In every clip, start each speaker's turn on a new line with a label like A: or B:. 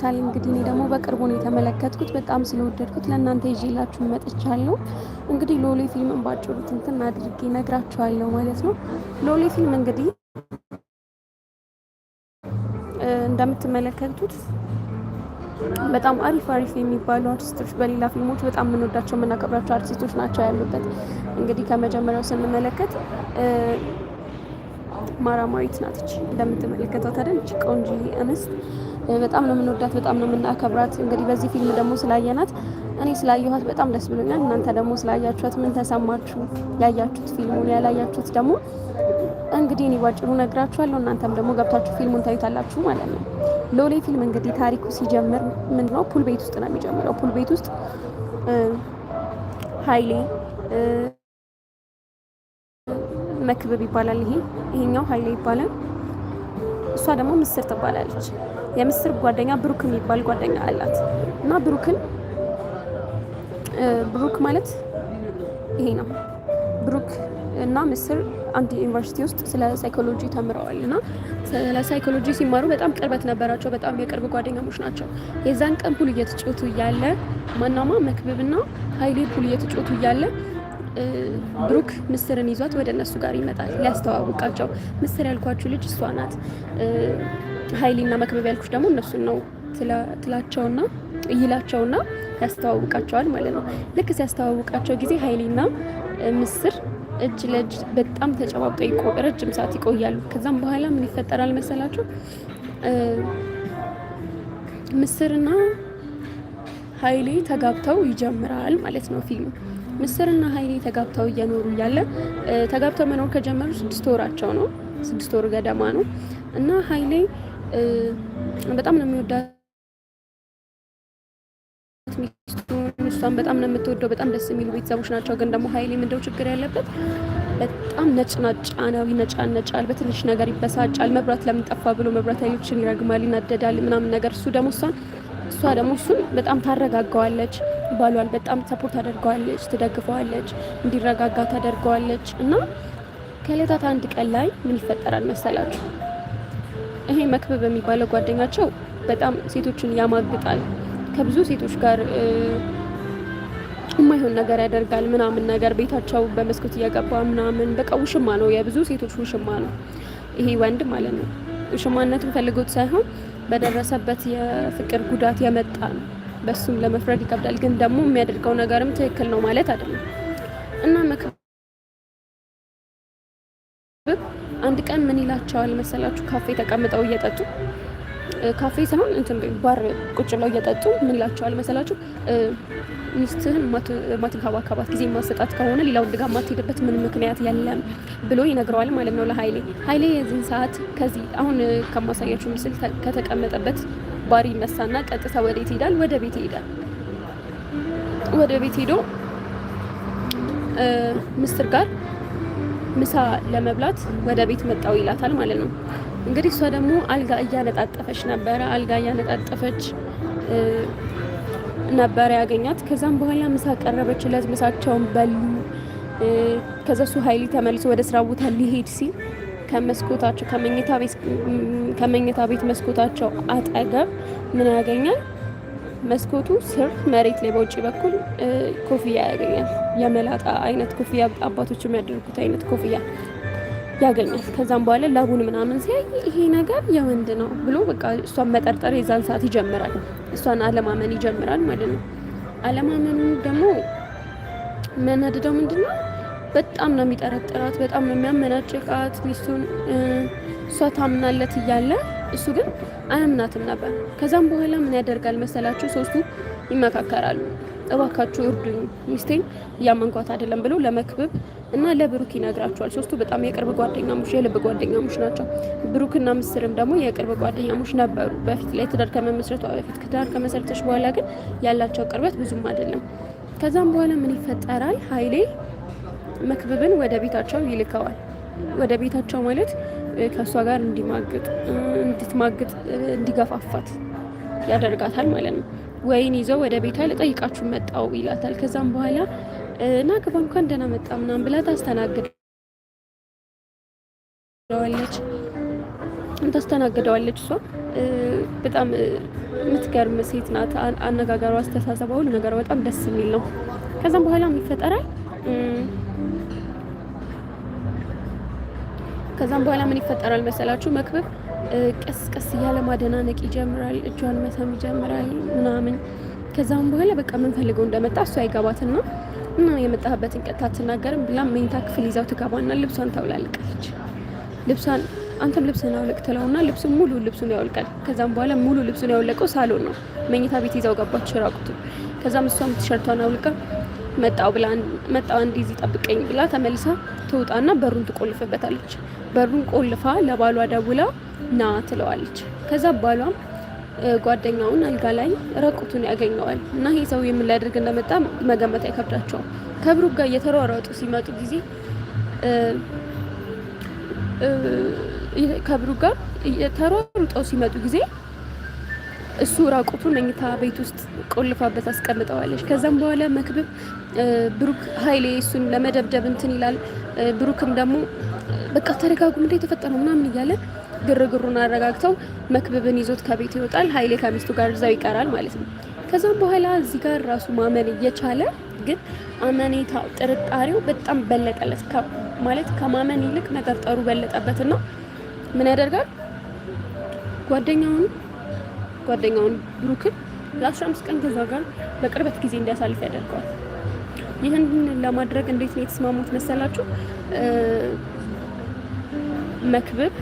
A: ታል እንግዲህ እኔ ደግሞ በቅርቡ ነው የተመለከትኩት። በጣም ስለወደድኩት ለእናንተ ይዤላችሁ መጥቻለሁ። እንግዲህ ሎሌ ፊልምን ባጭሩ ትንትን አድርጌ ነግራችኋለሁ ማለት ነው። ሎሌ ፊልም እንግዲህ እንደምትመለከቱት በጣም አሪፍ አሪፍ የሚባሉ አርቲስቶች በሌላ ፊልሞች በጣም የምንወዳቸው የምናከብራቸው አርቲስቶች ናቸው ያሉበት። እንግዲህ ከመጀመሪያው ስንመለከት ማራማዊት ናትች እንደምትመለከቷት አይደል? እች ቆንጆ እንስት በጣም ነው የምንወዳት፣ በጣም ነው የምናከብራት። እንግዲህ በዚህ ፊልም ደግሞ ስላየናት እኔ ስላየኋት በጣም ደስ ብሎኛል። እናንተ ደግሞ ስላያችኋት ምን ተሰማችሁ? ያያችሁት ፊልሙን ያላያችሁት ደግሞ እንግዲህ እኔ ባጭሩ ነግራችኋለሁ። እናንተም ደግሞ ገብታችሁ ፊልሙን ታዩታላችሁ ማለት ነው። ሎሌ ፊልም እንግዲህ ታሪኩ ሲጀምር ምንድን ነው ፑል ቤት ውስጥ ነው የሚጀምረው። ፑል ቤት ውስጥ ሀይሌ መክብብ ይባላል። ይሄ ይሄኛው ሀይሌ ይባላል። እሷ ደግሞ ምስር ትባላለች። የምስር ጓደኛ ብሩክ የሚባል ጓደኛ አላት እና ብሩክን ብሩክ ማለት ይሄ ነው። ብሩክ እና ምስር አንድ ዩኒቨርሲቲ ውስጥ ስለ ሳይኮሎጂ ተምረዋል እና ስለ ሳይኮሎጂ ሲማሩ በጣም ቅርበት ነበራቸው። በጣም የቅርብ ጓደኛሞች ናቸው። የዛን ቀን ፑል እየተጫወቱ እያለ ማናማ መክብብና ሀይሌ ፑል እየተጫወቱ እያለ ብሩክ ምስርን ይዟት ወደ እነሱ ጋር ይመጣል ሊያስተዋውቃቸው። ምስር ያልኳችሁ ልጅ እሷ ናት። ሀይሌና መክበብ ያልኩሽ ደግሞ እነሱን ነው ትላቸውና ይላቸውና ያስተዋውቃቸዋል ማለት ነው። ልክ ሲያስተዋውቃቸው ጊዜ ሀይሌና ምስር እጅ ለእጅ በጣም ተጨባብጠው ረጅም ሰዓት ይቆያሉ። ከዛም በኋላ ምን ይፈጠራል መሰላችሁ? ምስርና ሀይሌ ተጋብተው ይጀምራል ማለት ነው ፊልሙ። ምስርና ሀይሌ ተጋብተው እየኖሩ እያለ ተጋብተው መኖር ከጀመሩ ስድስት ወራቸው ነው፣ ስድስት ወር ገደማ ነው እና ሀይሌ በጣም ነው የሚወዳት ሚስቱን፣ እሷን በጣም ነው የምትወደው። በጣም ደስ የሚሉ ቤተሰቦች ናቸው። ግን ደግሞ ሀይሌ ምንድነው ችግር ያለበት? በጣም ነጭናጫ ነው። ይነጫነጫል፣ በትንሽ ነገር ይበሳጫል። መብራት ለምን ጠፋ ብሎ መብራት ኃይሎችን ይረግማል፣ ይናደዳል፣ ምናምን ነገር እሱ ደግሞ እሷን እሷ ደግሞ እሱን በጣም ታረጋገዋለች። ባሏል በጣም ሰፖርት አደርገዋለች፣ ትደግፈዋለች፣ እንዲረጋጋ ታደርገዋለች። እና ከእለታት አንድ ቀን ላይ ምን ይፈጠራል መሰላችሁ? ይሄ መክበብ የሚባለው ጓደኛቸው በጣም ሴቶችን ያማግጣል፣ ከብዙ ሴቶች ጋር የማይሆን ነገር ያደርጋል ምናምን ነገር ቤታቸው በመስኮት እያገባ ምናምን በቃ ውሽማ ነው፣ የብዙ ሴቶች ውሽማ ነው ይሄ ወንድ ማለት ነው። ውሽማነቱን ፈልጎት ሳይሆን በደረሰበት የፍቅር ጉዳት የመጣ ነው። በሱም ለመፍረድ ይከብዳል፣ ግን ደግሞ የሚያደርገው ነገርም ትክክል ነው ማለት አይደለም እና አንድ ቀን ምን ይላቸዋል መሰላችሁ? ካፌ ተቀምጠው እየጠጡ ካፌ ሳይሆን እንትን ባር ቁጭ ብለው እየጠጡ ምን ይላቸዋል መሰላችሁ? ሚስትህን ማትንከባከባት ጊዜ ማሰጣት ከሆነ ሌላ ወንድ ጋር ማትሄድበት ምን ምክንያት የለም ብሎ ይነግረዋል ማለት ነው ለሀይሌ። ሀይሌ የዚህን ሰዓት ከዚህ አሁን ከማሳያችሁ ምስል ከተቀመጠበት ባር ይነሳና ቀጥታ ወዴት ይሄዳል? ወደ ቤት ይሄዳል። ወደ ቤት ሄዶ ምስር ጋር ምሳ ለመብላት ወደ ቤት መጣው ይላታል ማለት ነው። እንግዲህ እሷ ደግሞ አልጋ እያነጣጠፈች ነበረ። አልጋ እያነጣጠፈች ነበረ ያገኛት። ከዛም በኋላ ምሳ ቀረበችለት። ምሳቸውን በሉ። ከዛ እሱ ሀይሊ ተመልሶ ወደ ስራ ቦታ ሊሄድ ሲል ከመስኮታቸው ከመኝታ ቤት መስኮታቸው አጠገብ ምን ያገኛል? መስኮቱ ስር መሬት ላይ በውጭ በኩል ኮፍያ ያገኛል። የመላጣ አይነት ኮፍያ አባቶች የሚያደርጉት አይነት ኮፍያ ያገኛል። ከዛም በኋላ ላቡን ምናምን ሲያይ ይሄ ነገር የወንድ ነው ብሎ በቃ እሷን መጠርጠር የዛን ሰዓት ይጀምራል። እሷን አለማመን ይጀምራል ማለት ነው። አለማመኑ ደግሞ መነድደው ምንድን ነው? በጣም ነው የሚጠረጥራት፣ በጣም ነው የሚያመናጭቃት። ሚስቱን እሷ ታምናለት እያለ እሱ ግን አያምናትም ነበር። ከዛም በኋላ ምን ያደርጋል መሰላችሁ? ሶስቱ ይመካከራሉ። እባካችሁ እርዱኝ፣ ሚስቴን እያመንኳት አይደለም ብለው ለመክብብ እና ለብሩክ ይነግራቸዋል። ሶስቱ በጣም የቅርብ ጓደኛሞች የልብ ጓደኛሞች ናቸው። ብሩክና ምስርም ደግሞ የቅርብ ጓደኛሞች ነበሩ በፊት ላይ ትዳር ከመመስረቷ በፊት። ትዳር ከመሰረተች በኋላ ግን ያላቸው ቅርበት ብዙም አይደለም። ከዛም በኋላ ምን ይፈጠራል? ሀይሌ መክብብን ወደ ቤታቸው ይልከዋል። ወደ ቤታቸው ማለት ከእሷ ጋር እንዲማግጥ እንድትማግጥ እንዲገፋፋት ያደርጋታል ማለት ነው። ወይን ይዘው ወደ ቤቷ ልጠይቃችሁ መጣው ይላታል። ከዛም በኋላ እና ግባ እንኳን ደህና መጣ ምናምን ብላ ታስተናግደዋለች ታስተናግደዋለች እሷ በጣም የምትገርም ሴት ናት። አነጋገሯ፣ አስተሳሰቧ፣ ሁሉ ነገሯ በጣም ደስ የሚል ነው። ከዛም በኋላ ይፈጠራል። ከዛም በኋላ ምን ይፈጠራል መሰላችሁ? መክብብ ቀስ ቀስ እያለ ማደናነቅ ይጀምራል፣ እጇን መሳም ይጀምራል ምናምን። ከዛም በኋላ በቃ የምንፈልገው እንደመጣ እሱ ነው እና የመጣህበትን ቀጥታ አትናገርም ብላ መኝታ ክፍል ይዛው ትገባና ልብሷን ታውላልቃለች። ልብሷን አንተም ልብስን አውልቅ ትለውና ልብሱ ሙሉ ልብሱን ያውልቃል። ከዛም በኋላ ሙሉ ልብሱን ያውለቀው ሳሎን ነው። መኝታ ቤት ይዛው ገባች ራቁቱ። ከዛም እሷም ቲሸርቷን አውልቃ መጣው ብላ መጣው እንዲህ ጠብቀኝ ብላ ተመልሳ ትውጣና በሩን ትቆልፍበታለች። በሩን ቆልፋ ለባሏ ደውላ ና ትለዋለች። ከዛ ባሏም ጓደኛውን አልጋ ላይ ረቁቱን ያገኘዋል እና ይህ ሰው የምን ሊያደርግ እንደመጣ መገመት አይከብዳቸውም። ከብሩክ ጋር እየተሯሯጡ ሲመጡ ጊዜ ከብሩክ ጋር ተሯሩጠው ሲመጡ ጊዜ እሱ ራቁቱን መኝታ ቤት ውስጥ ቆልፋበት አስቀምጠዋለች። ከዛም በኋላ መክብብ ብሩክ ኃይሌ እሱን ለመደብደብ እንትን ይላል። ብሩክም ደግሞ በቃ ተረጋጉ፣ ምንድን የተፈጠረው ምናምን እያለ ግርግሩን አረጋግተው መክብብን ይዞት ከቤት ይወጣል። ኃይሌ ከሚስቱ ጋር እዛው ይቀራል ማለት ነው። ከዛም በኋላ እዚህ ጋር ራሱ ማመን እየቻለ ግን አመኔታ ጥርጣሬው በጣም በለጠለት ማለት ከማመን ይልቅ መጠርጠሩ በለጠበትና ምን ያደርጋል ጓደኛውን ጓደኛውን ብሩክን ለአስራ አምስት ቀን ከዛ ጋር በቅርበት ጊዜ እንዲያሳልፍ ያደርገዋል። ይህን ለማድረግ እንዴት ነው የተስማሙት መሰላችሁ? መክብብ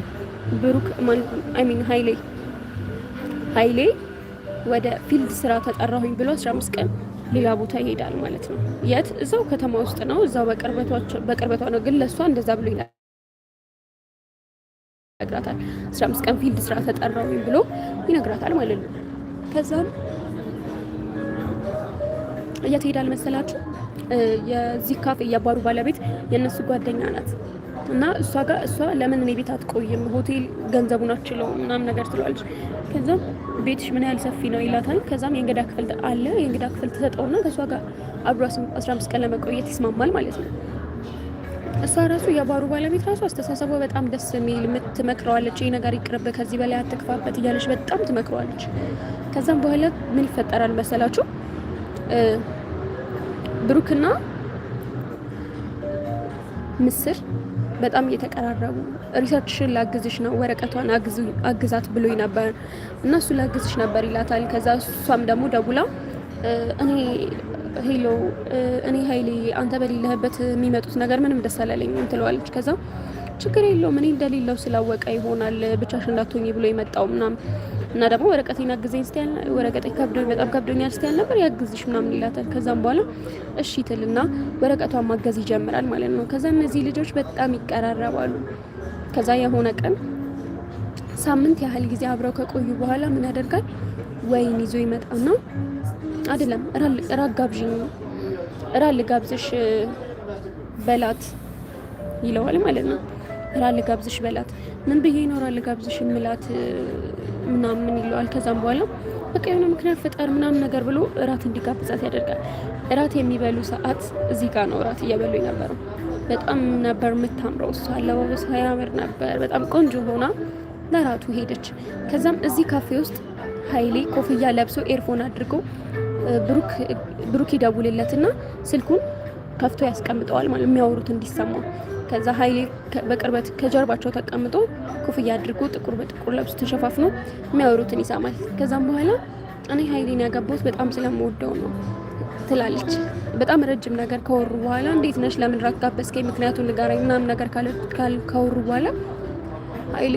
A: ብሩክ ሚን ሀይሌ ሀይሌ ወደ ፊልድ ስራ ተጠራሁኝ ብሎ 15 ቀን ሌላ ቦታ ይሄዳል ማለት ነው። የት? እዛው ከተማ ውስጥ ነው። እዛው በቅርበቷ ነው። ግን ለእሷ እንደዛ ብሎ ይላል ይነግራታል። 15 ቀን ፊልድ ስራ ተጠራው ብሎ ይነግራታል ማለት ነው። ከዛም እያት ሄዳል መሰላችሁ። የዚህ ካፌ የባሩ ባለቤት የእነሱ ጓደኛ ናት እና እሷ ጋር እሷ ለምን እኔ ቤት አትቆይም ሆቴል ገንዘቡን አችለውም ምናምን ነገር ትለዋለች። ከዛም ቤትሽ ምን ያህል ሰፊ ነው ይላታል። ከዛም የእንግዳ ክፍል አለ የእንግዳ ክፍል ተሰጠውና ከእሷ ጋር አብሮ 15 ቀን ለመቆየት ይስማማል ማለት ነው። እሷ ራሱ የባሩ ባለቤት ራሱ አስተሳሰቧ በጣም ደስ የሚል ትመክረዋለች። ይህ ነገር ይቅርብ፣ ከዚህ በላይ አትክፋበት እያለች በጣም ትመክረዋለች። ከዛም በኋላ ምን ይፈጠራል መሰላችሁ? ብሩክና ምስር በጣም እየተቀራረቡ ሪሰርችሽን ላግዝሽ ነው ወረቀቷን አግዛት ብሎኝ ነበር እና እሱ ላግዝሽ ነበር ይላታል። ከዛ እሷም ደግሞ ደውላ እኔ ሄሎ እኔ ሀይሌ አንተ በሌለህበት የሚመጡት ነገር ምንም ደስ አላለኝም ትለዋለች። ከዛ ችግር የለውም እኔ እንደሌለው ስላወቀ ይሆናል ብቻሽን እንዳትሆኚ ብሎ የመጣው ምናምን እና ደግሞ ወረቀቴን አግዘኝ ስትያል ወረቀቴ ከብዶኝ በጣም ከብዶኛል ስትያል ነበር ያግዝሽ ምናምን ይላታል። ከዛም በኋላ እሺ ትልና ወረቀቷን ማገዝ ይጀምራል ማለት ነው። ከዛ እነዚህ ልጆች በጣም ይቀራረባሉ። ከዛ የሆነ ቀን ሳምንት ያህል ጊዜ አብረው ከቆዩ በኋላ ምን ያደርጋል ወይን ይዞ ይመጣና አይደለም እራት ጋብዥኝ፣ እራት ልጋብዝሽ በላት ይለዋል ማለት ነው። እራት ልጋብዝሽ በላት ምን ብዬ ነው እራት ልጋብዝሽ ምላት ምናምን ይለዋል። ከዛም በኋላ በቃ የሆነ ምክንያት ፍጠር ምናምን ነገር ብሎ እራት እንዲጋብዛት ያደርጋል። እራት የሚበሉ ሰዓት እዚህ ጋር ነው እራት እየበሉ የነበረው። በጣም ነበር የምታምረው እሷ፣ አለባበስ ያምር ነበር። በጣም ቆንጆ ሆና ለራቱ ሄደች። ከዛም እዚህ ካፌ ውስጥ ሀይሌ ኮፍያ ለብሶ ኤርፎን አድርጎ ብሩክ ይደውልለትና ስልኩን ከፍቶ ያስቀምጠዋል ማለት የሚያወሩት እንዲሰማ። ከዛ ሀይሌ በቅርበት ከጀርባቸው ተቀምጦ ኮፍያ አድርጎ ጥቁር በጥቁር ለብሶ ተሸፋፍኖ የሚያወሩትን ይሰማል። ከዛም በኋላ እኔ ሀይሌን ያገባሁት በጣም ስለምወደው ነው ትላለች። በጣም ረጅም ነገር ከወሩ በኋላ እንዴት ነሽ፣ ለምን ጋበዝከኝ፣ ምክንያቱን ንገረኝ ምናምን ነገር ከወሩ በኋላ ሀይሌ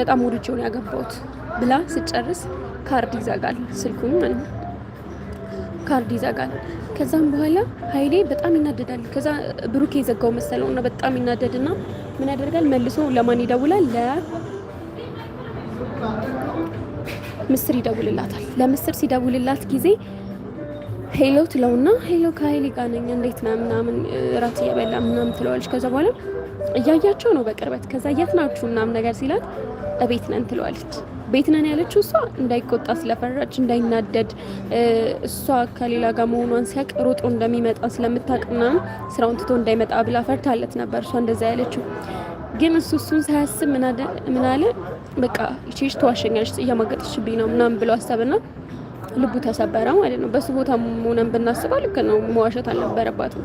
A: በጣም ወድጄውን ያገባሁት ብላ ስጨርስ ካርድ ይዘጋል ስልኩን ካርድ ይዘጋል። ከዛም በኋላ ሀይሌ በጣም ይናደዳል። ከዛ ብሩኬ የዘጋው መሰለው እና በጣም ይናደድና ምን ያደርጋል መልሶ ለማን ይደውላል? ለምስር ይደውልላታል። ለምስር ሲደውልላት ጊዜ ሄሎ ትለውና ሄሎ ከሀይሌ ጋር ነኝ እንዴት ነህ ምናምን እራት እየበላ ምናምን ትለዋለች። ከዛ በኋላ እያያቸው ነው በቅርበት ከዛ የት ናችሁ ምናምን ነገር ሲላት እቤት ነን ትለዋለች። ቤት ነን ያለችው እሷ እንዳይቆጣ ስለፈራች እንዳይናደድ እሷ ከሌላ ጋር መሆኗን ሲያቅ ሩጦ እንደሚመጣ ስለምታቅና ስራውን ትቶ እንዳይመጣ ብላ ፈርታለት ነበር እሷ እንደዛ ያለችው። ግን እሱ እሱን ሳያስብ ምን አለ በቃ ቼች ተዋሸኛለች እያማገጠችብኝ ነው ምናምን ብሎ አሰብና ልቡ ተሰበረ ማለት ነው። በሱ ቦታ ሆነን ብናስበው ልክ ነው፣ መዋሸት አልነበረባትም።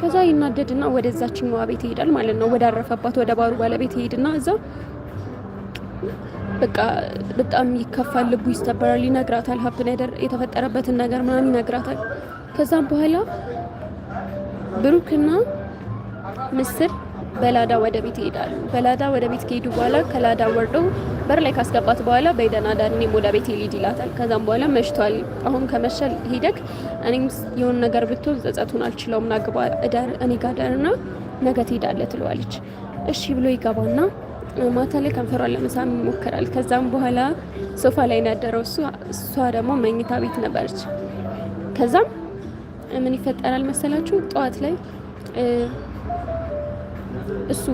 A: ከዛ ይናደድና ወደዛችኛዋ ቤት ይሄዳል ማለት ነው። ወዳረፈባት ወደ ባሩ ባለቤት ይሄድና እዛ በቃ በጣም ይከፋል፣ ልቡ ይሰበራል፣ ይነግራታል። ሀብቱን የተፈጠረበትን ነገር ምናምን ይነግራታል። ከዛም በኋላ ብሩክና ምስር በላዳ ወደ ቤት ይሄዳሉ። በላዳ ወደ ቤት ከሄዱ በኋላ ከላዳ ወርደው በር ላይ ካስገባት በኋላ በይደና ዳኔ ወደ ቤት ሊድ ይላታል። ከዛም በኋላ መሽቷል። አሁን ከመሸል ሄደክ እኔም የሆን ነገር ብትሆን ጸጸቱን አልችለውም፣ ናግባ እኔ ጋር ደርና ነገ ትሄዳለህ ትለዋለች። እሺ ብሎ ይገባና ማታ ላይ ከንፈሯን ለመሳም ይሞክራል። ከዛም በኋላ ሶፋ ላይ ናደረው እሱ እሷ ደግሞ መኝታ ቤት ነበረች። ከዛም ምን ይፈጠራል መሰላችሁ? ጠዋት ላይ እሱ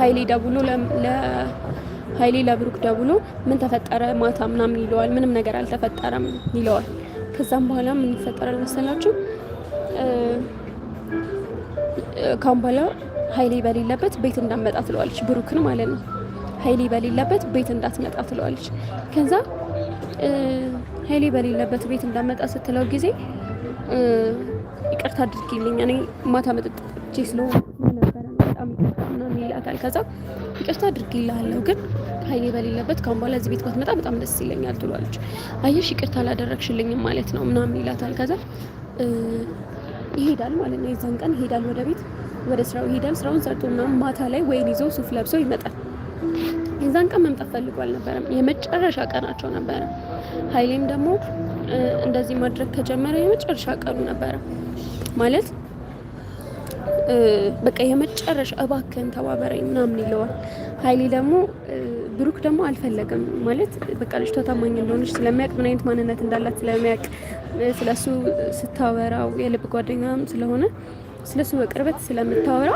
A: ሀይሌ ደውሎ ለሀይሌ ለብሩክ ደውሎ ምን ተፈጠረ ማታ ምናምን ይለዋል። ምንም ነገር አልተፈጠረም ይለዋል። ከዛም በኋላ ምን ይፈጠራል መሰላችሁ? ካምባላ ሀይሌ በሌለበት ቤት እንዳመጣ ትለዋለች፣ ብሩክን ማለት ነው። ሀይሌ በሌለበት ቤት እንዳትመጣ ትለዋለች። ከዛ ሀይሌ በሌለበት ቤት እንዳመጣ ስትለው ጊዜ ይቅርታ አድርጊልኝ እኔ ማታ መጠጥ ስለሆነ ነበረ በጣም ምናምን ይላታል። ከዛ ይቅርታ አድርጊልሃለሁ ግን ሀይሌ በሌለበት ከአሁን በኋላ እዚህ ቤት ባትመጣ በጣም ደስ ይለኛል ትሏለች። አየሽ ይቅርታ አላደረግሽልኝም ማለት ነው ምናምን ይላታል። ከዛ ይሄዳል ማለት ነው። የዛን ቀን ይሄዳል ወደ ቤት ወደ ስራው ይሄዳል። ስራውን ሰርቶ ምናምን ማታ ላይ ወይን ይዞ ሱፍ ለብሶ ይመጣል። የዛን ቀን መምጣት ፈልጎ አልነበረም። የመጨረሻ ቀናቸው ነበረ። ሀይሌም ደግሞ እንደዚህ ማድረግ ከጀመረ የመጨረሻ ቀኑ ነበረ ማለት በቃ የመጨረሻ እባክህን ተባበረኝ ምናምን ይለዋል። ሀይሌ ደግሞ ብሩክ ደግሞ አልፈለገም ማለት በቃ ልጅቷ ታማኝ እንደሆነች ስለሚያውቅ ምን አይነት ማንነት እንዳላት ስለሚያውቅ ስለሱ ስታወራው የልብ ጓደኛም ስለሆነ ስለሱ በቅርበት ስለምታወራ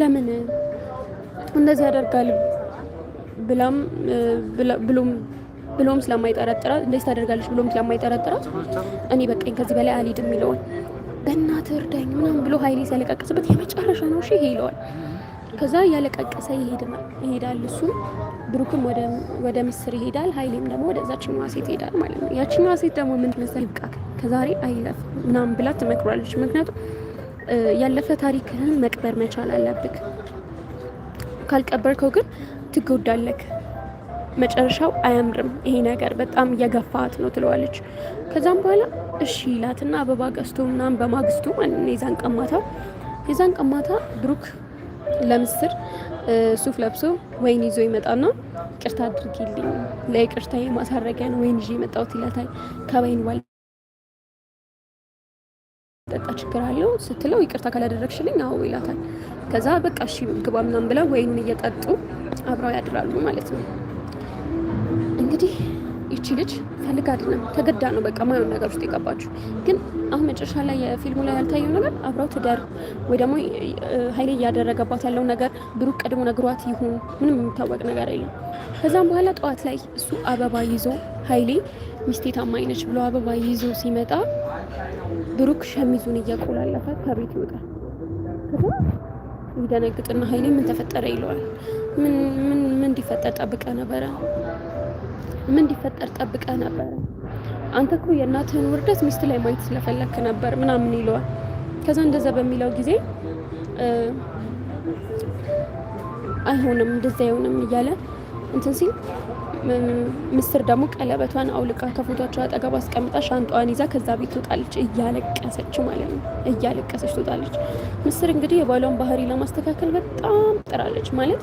A: ለምን እንደዚህ ያደርጋል ብላም ብሎም ብሎም ስለማይጠረጥራት እንደዚህ ታደርጋለች ብሎም ስለማይጠረጥራት እኔ በቃኝ ከዚህ በላይ አልሄድም ይለዋል። በእናትህ እርዳኝ ምናምን ብሎ ኃይሌ ሲያለቃቅስበት የመጨረሻ ነው እሺ ይሄ ይለዋል። ከዛ እያለቀቀሰ ይሄዳል። እሱ ብሩክም ወደ ምስር ይሄዳል። ሀይሌም ደግሞ ወደዛ ሴት ይሄዳል ማለት ነው። ያችኛዋ ሴት ደግሞ ምን መሰል ይብቃ ከዛሬ አይለፍ ምናምን ብላ ትመክሯለች። ምክንያቱም ያለፈ ታሪክህን መቅበር መቻል አለብክ። ካልቀበርከው ግን ትጎዳለክ። መጨረሻው አያምርም። ይሄ ነገር በጣም እየገፋት ነው ትለዋለች። ከዛም በኋላ እሺ ይላትና አበባ ገዝቶ ምናምን በማግስቱ ማለት የዛን ቀማታ የዛን ቀማታ ብሩክ ለምስር ሱፍ ለብሶ ወይን ይዞ ይመጣና ቅርታ አድርጊልኝ፣ ለይቅርታ ማሳረጊያ ነው ወይን ይዤ የመጣሁት ይላታል። ከወይን ዋል ጠጣ ችግር አለው ስትለው ይቅርታ ካላደረግሽልኝ አዎ ይላታል። ከዛ በቃ እሺ ግባ ምናምን ብላ ወይኑን እየጠጡ አብረው ያድራሉ ማለት ነው። እንግዲህ ይቺ ልጅ ፈልጋ አይደለም ተገዳ ነው በቃ ማየውን ነገር ውስጥ የገባችው ግን አሁን መጨረሻ ላይ የፊልሙ ላይ ያልታየው ነገር አብረው ትደር ወይ ደግሞ ሀይሌ እያደረገባት ያለው ነገር ብሩክ ቀድሞ ነግሯት ይሁን ምንም የሚታወቅ ነገር የለም። ከዛም በኋላ ጠዋት ላይ እሱ አበባ ይዞ ሀይሌ ሚስቴ ታማኝ ነች ብሎ አበባ ይዞ ሲመጣ ብሩክ ሸሚዙን እያቆላለፈ ከቤት ይወጣል። ከዛ ይደነግጥና ሀይሌ ምን ተፈጠረ ይለዋል። ምን ምን ምን እንዲፈጠር ጠብቀ ነበረ? ምን እንዲፈጠር ጠብቀ ነበረ? አንተ እኮ የእናትህን ውርደት ሚስት ላይ ማየት ስለፈለክ ነበር ምናምን ይለዋል። ከዛ እንደዛ በሚለው ጊዜ አይሆንም እንደዛ አይሆንም እያለ እንትን ሲል ምስር ደግሞ ቀለበቷን አውልቃ ከፎቷቸው አጠገብ አስቀምጣ ሻንጣዋን ይዛ ከዛ ቤት ትወጣለች፣ እያለቀሰች ማለት ነው። እያለቀሰች ትወጣለች። ምስር እንግዲህ የባሏን ባህሪ ለማስተካከል በጣም ጥራለች ማለት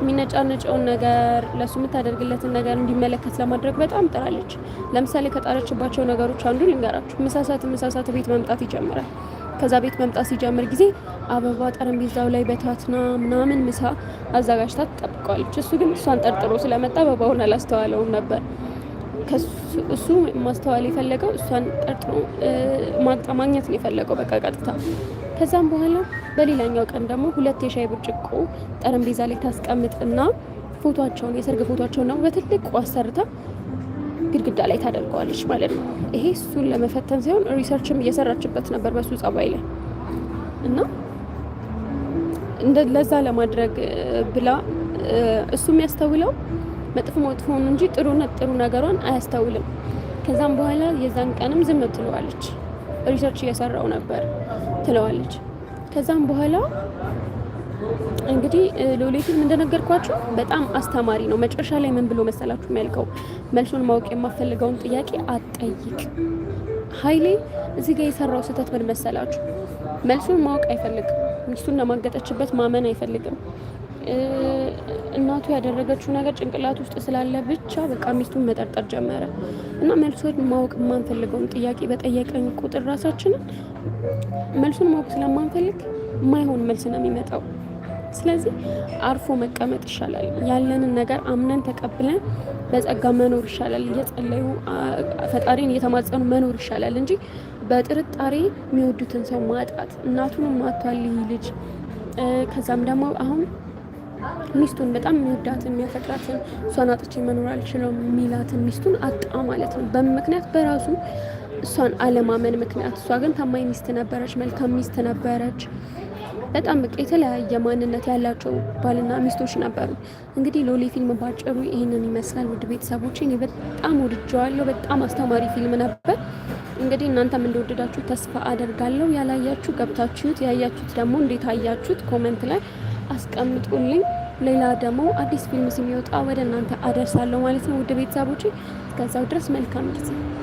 A: የሚነጫነጨውን ነገር ለሱ የምታደርግለትን ነገር እንዲመለከት ለማድረግ በጣም ጥራለች። ለምሳሌ ከጣረችባቸው ነገሮች አንዱ ልንገራችሁ። ምሳሳት ምሳሳት ቤት መምጣት ይጀምራል። ከዛ ቤት መምጣት ሲጀምር ጊዜ አበባ ጠረጴዛው ላይ በታትና ምናምን ምሳ አዘጋጅታ ጠብቋለች። እሱ ግን እሷን ጠርጥሮ ስለመጣ አበባውን አላስተዋለውም ነበር። እሱ ማስተዋል የፈለገው እሷን ጠርጥሮ ማጣማግኘት ማግኘት ነው የፈለገው በቃ ቀጥታ። ከዛም በኋላ በሌላኛው ቀን ደግሞ ሁለት የሻይ ብርጭቆ ጠረጴዛ ላይ ታስቀምጥና ፎቶቸውን የሰርግ ፎቶቸውን ደግሞ በትልቁ አሰርታ ግድግዳ ላይ ታደርገዋለች ማለት ነው። ይሄ እሱን ለመፈተን ሲሆን ሪሰርችም እየሰራችበት ነበር በሱ ጸባይ ላይ እና ለዛ ለማድረግ ብላ እሱ የሚያስተውለው መጥፎ መጥፎውን እንጂ ጥሩን ጥሩ ነገሯን አያስተውልም። ከዛም በኋላ የዛን ቀንም ዝም ትለዋለች። ሪሰርች እየሰራው ነበር ትለዋለች። ከዛም በኋላ እንግዲህ ሎሌ እንደነገርኳችሁ በጣም አስተማሪ ነው። መጨረሻ ላይ ምን ብሎ መሰላችሁ የሚያልቀው መልሱን ማወቅ የማፈልገውን ጥያቄ አጠይቅ። ኃይሌ እዚህ ጋር የሰራው ስህተት ምን መሰላችሁ? መልሱን ማወቅ አይፈልግም። ሚስቱን ለማገጠችበት ማመን አይፈልግም። እናቱ ያደረገችው ነገር ጭንቅላት ውስጥ ስላለ ብቻ በቃ ሚስቱን መጠርጠር ጀመረ እና መልሶን ማወቅ የማንፈልገውን ጥያቄ በጠየቀኝ ቁጥር ራሳችንን መልሱን ማወቅ ስለማንፈልግ ማይሆን መልስ ነው የሚመጣው። ስለዚህ አርፎ መቀመጥ ይሻላል። ያለንን ነገር አምነን ተቀብለን በጸጋ መኖር ይሻላል። እየጸለዩ ፈጣሪን እየተማጸኑ መኖር ይሻላል እንጂ በጥርጣሬ የሚወዱትን ሰው ማጣት እናቱንም ማቷል ልጅ ከዛም ደግሞ አሁን ሚስቱን በጣም የሚወዳትን የሚያፈቅራትን እሷን አጥቼ መኖር አልችለውም የሚላትን ሚስቱን አጣ ማለት ነው። በምክንያት በራሱ እሷን አለማመን ምክንያት። እሷ ግን ታማኝ ሚስት ነበረች፣ መልካም ሚስት ነበረች። በጣም በቃ የተለያየ ማንነት ያላቸው ባልና ሚስቶች ነበሩ። እንግዲህ ሎሌ ፊልም ባጭሩ ይህንን ይመስላል። ውድ ቤተሰቦች እኔ በጣም ወድጀዋለሁ። በጣም አስተማሪ ፊልም ነበር። እንግዲህ እናንተም እንደወደዳችሁ ተስፋ አደርጋለሁ። ያላያችሁ ገብታችሁት፣ ያያችሁት ደግሞ እንዴት አያችሁት ኮመንት ላይ አስቀምጡልኝ። ሌላ ደግሞ አዲስ ፊልም ሲሚወጣ ወደ እናንተ አደርሳለሁ ማለት ነው ውድ ቤተሰቦች እስከዛው ድረስ መልካም ጊዜ